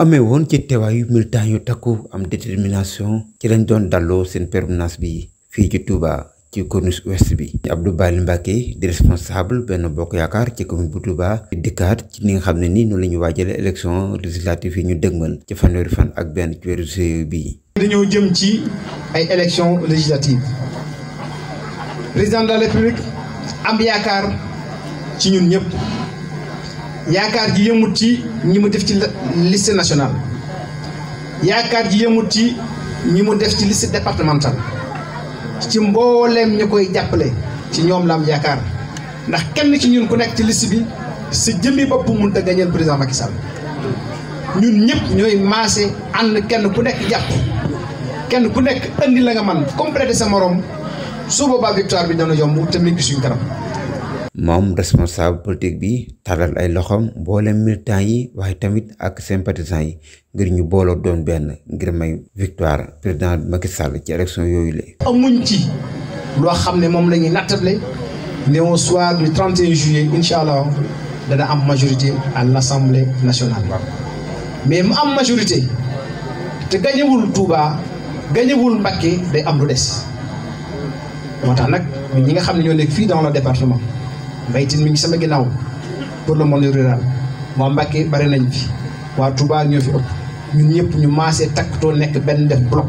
amé won ci téwayu militant yu takku am détermination ci lañ doon dallo seen permanence bi fi ci Touba ci corniche ouest bi. Abdou Bali Mbacké di responsable ben bokk yaakaar ci commune bu Touba di ci ni nga xamné ni nii noonu la ñu élection législative yi ñu dëgmal ci fanweeri fan ak ben ci bi dañu jëm ci ay élections législatives président de la république am yaakaar ci ñun ñëpp. yaakaar ji yëmut ci ñi mu def ci liste nationale yaakaar ji yëmut ci ñi mu def ci liste départementale ci mbooleem ñu koy jàppale ci ñoom la am yaakaar ndax kenn ci ñun ku nekk ci liste bi sa jëmmi bopp mun a gañeel président Macky Sall ñun ñëpp ñooy maase ànd kenn ku nekk jàpp kenn ku nekk andi la nga man complété sa morom su boobaa victoire bi dana yomb te mi ngi suñu kanam. mom responsable politique bi tàllal ay loxoom boole militant yi waaye tamit ak sympathisant yi ngir ñu booloo doon benn ngir may victoire président Macky Sall ci élection yooyu la. amuñ ci loo xam ne moom la ñuy nattable ne au soir du 31 juillet incha allah dana am majorité à l' assemblée nationale. mais mu am majorité te gañewul Touba gañewul Mbacké day am lu des moo tax nag ñi nga xam ne ñoo nekk fii dans le département. mbaytin mi ngi sama ginnaaw pour le monde rural waa Mbàkke bari nañ fi waa Touba ñoo fi ëpp ñun yëpp ñu maasee takkatoo nekk benn def bloc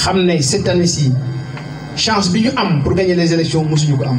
xam ne cette année ci chance bi ñu am pour gagner les élections mosuñu ko am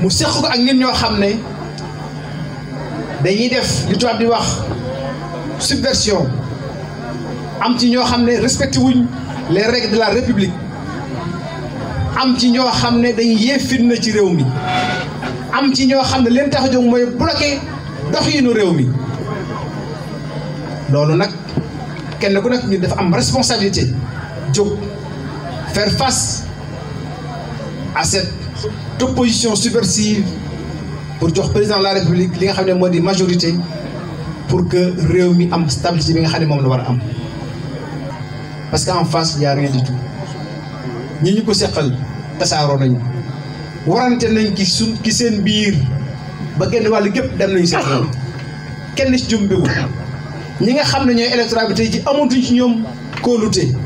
mu seq ko ak nit ñoo xam ne dañuy def li tubaab di wax subversion am ci ñoo xam ne respecté wuñ les règles de la république am ci ñoo xam ne dañuy yee fitna ci réew mi am ci ñoo xam ne leen tax mooy jóg mooy bloqué doxinu réew mi loolu nag kenn ku nekk ñu dafa am responsabilité jóg faire face à toute position subversive pour le président de la république li nga a majorité pour que réew mi am stabilité parce qu'en face il n'y a rien du tout Nous, sommes sommes les Nous nañu warante nañ Nous sommes ki seen Nous ba nous wàll Nous dem sommes seen kenn sommes ñi nga sommes Nous sommes ci Nous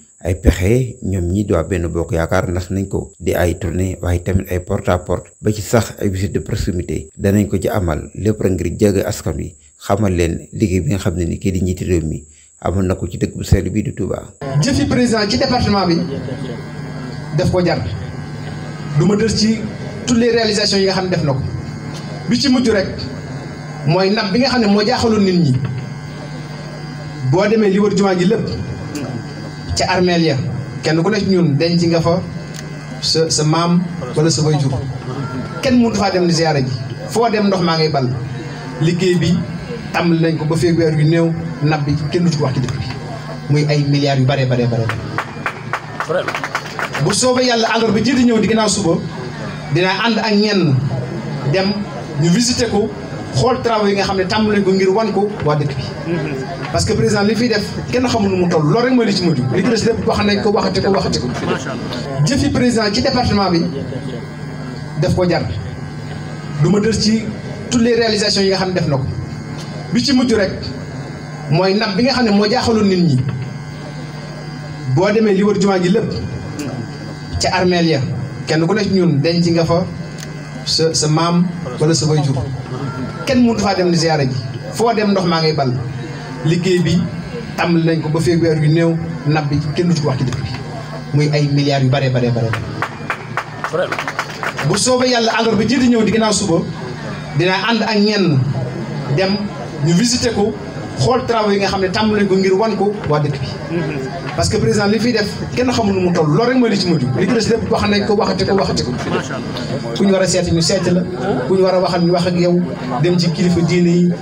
ay pexe ñoom ñi di benn bokk yaakaar ndax nañ ko di ay tournée waaye tamit ay porte à ba ci sax ay visite de proximité danañ ko ci amal lépp rek ngir jege askan wi xamal leen liggéey bi nga xam ne ni kii di njiiti mi amoon na ko ci dëkk bu sell bii di Touba. jëfi président ci département def ko jar du ma dës ci toutes les réalisations yi xam ne def na ko bi ci mujj rek mooy nab bi nga xam ne moo jaaxaloon nit ñi boo demee li jumaa ji lépp. ci armeel ya kenn ku ne ñun ci nga fa sa sa maam wala sa way kenn mu dafa dem di ziara ji fo dem ndox ma ngay bal liggey bi tam lañ ko ba feeg wer yu néew nabbi kenn du ci wax ci dëkk bi muy ay milliards yu bare bare bare bu soobe yalla alors bi jiitu ñew di gina suba dina and ak ñenn dem ñu visiter ko xol travaux yi nga xamne tam lañ ko ngir wan ko wa dëkk bi parce que président li fiy def kenn xamul nu mu toll loolu rek mooy li ci mujj li ci des lépp wax nañ ko waxati ko waxati ko jëfi président ci département bi def ko jar du ma dër ci toutes les réalisations yi nga xam ne def na ko bi ci mujj rek mooy ndam bi nga xam ne moo jaaxaloon nit ñi boo demee li wër jumaa ji lépp ca armeel ya kenn ku nekk ñun denc nga fa sa sa maam wala sa waajur kenn mënut faa dem di ji foo dem ndox maa ngay bal liggéey bi tàmbali nañ ko ba feeg yu néew nab bi kenn du ci wax ci dëkk bi muy ay milliards yu bare bare bare bu soobee yàlla engrais bi jiitu ñëw di ginnaaw suba dinaa ànd ak ñenn dem ñu visiter ko xool travaux yi nga xam ne tàmm nañ ko ngir wan ko waa dëkk bi. parce que président li fiy def kenn xamul mu toll loolu rek mooy li ci mujj li ci des lépp wax nañ ko waxati ko waxati ko. ku ñu war a seet ñu seet la ku ñu war a waxal ñu wax ak yow dem ci kilifa diine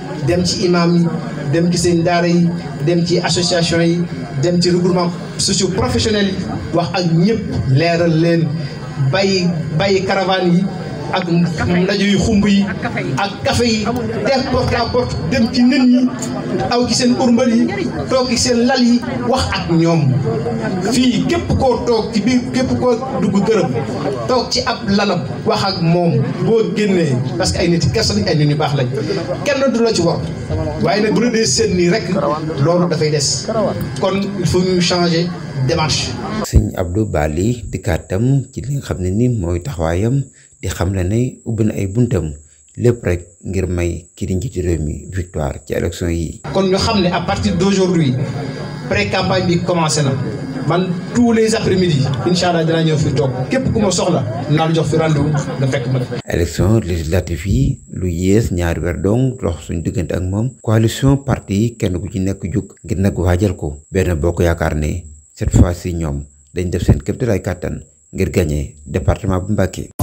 dem ci seen daara yi dem ci association yi dem ci regroupement socio professionnel yi wax ak ñëpp leeral leen bay bàyyi caravane yi ak ndaje yu xumb yi ak café yi def porte à porte dem ci nit ñi aw ci seen urmbal yi toog ci seen lal yi wax ak ñoom fii képp koo toog ci biir képp koo dugg gërëm toog ci ab lalam wax ak moom boo génnee parce que ay nit kese lañ ay nit ñu baax lañ kenn du la ci war waaye nag bu la dee seen nii rek loolu dafay des kon il faut ñu changer démarche. sëñ Abdou Bali di kàttam ci li nga xam ne ni mooy taxawaayam. di xam ne ne ay buntam lépp rek ngir may kii di njiitu réew mi victoire ci élection yi. kon ñu xam ne à partir d'aujourd'hui pré campagne bi commencé na man tous les après midi incha allah dinaa ñëw fi toog képp ku ma soxla naa la jox fi rendez-vous nga fekk ma. def. élection législative yi lu yées ñaari weer dong dox suñu diggante ak moom. coalition parti yi kenn ku ci nekk jug. ngir nag waajal ko. benn bokk ko yaakaar ne cette fois ci ñoom dañ def seen képp lay kàttan ngir gagner département bu Mbacké.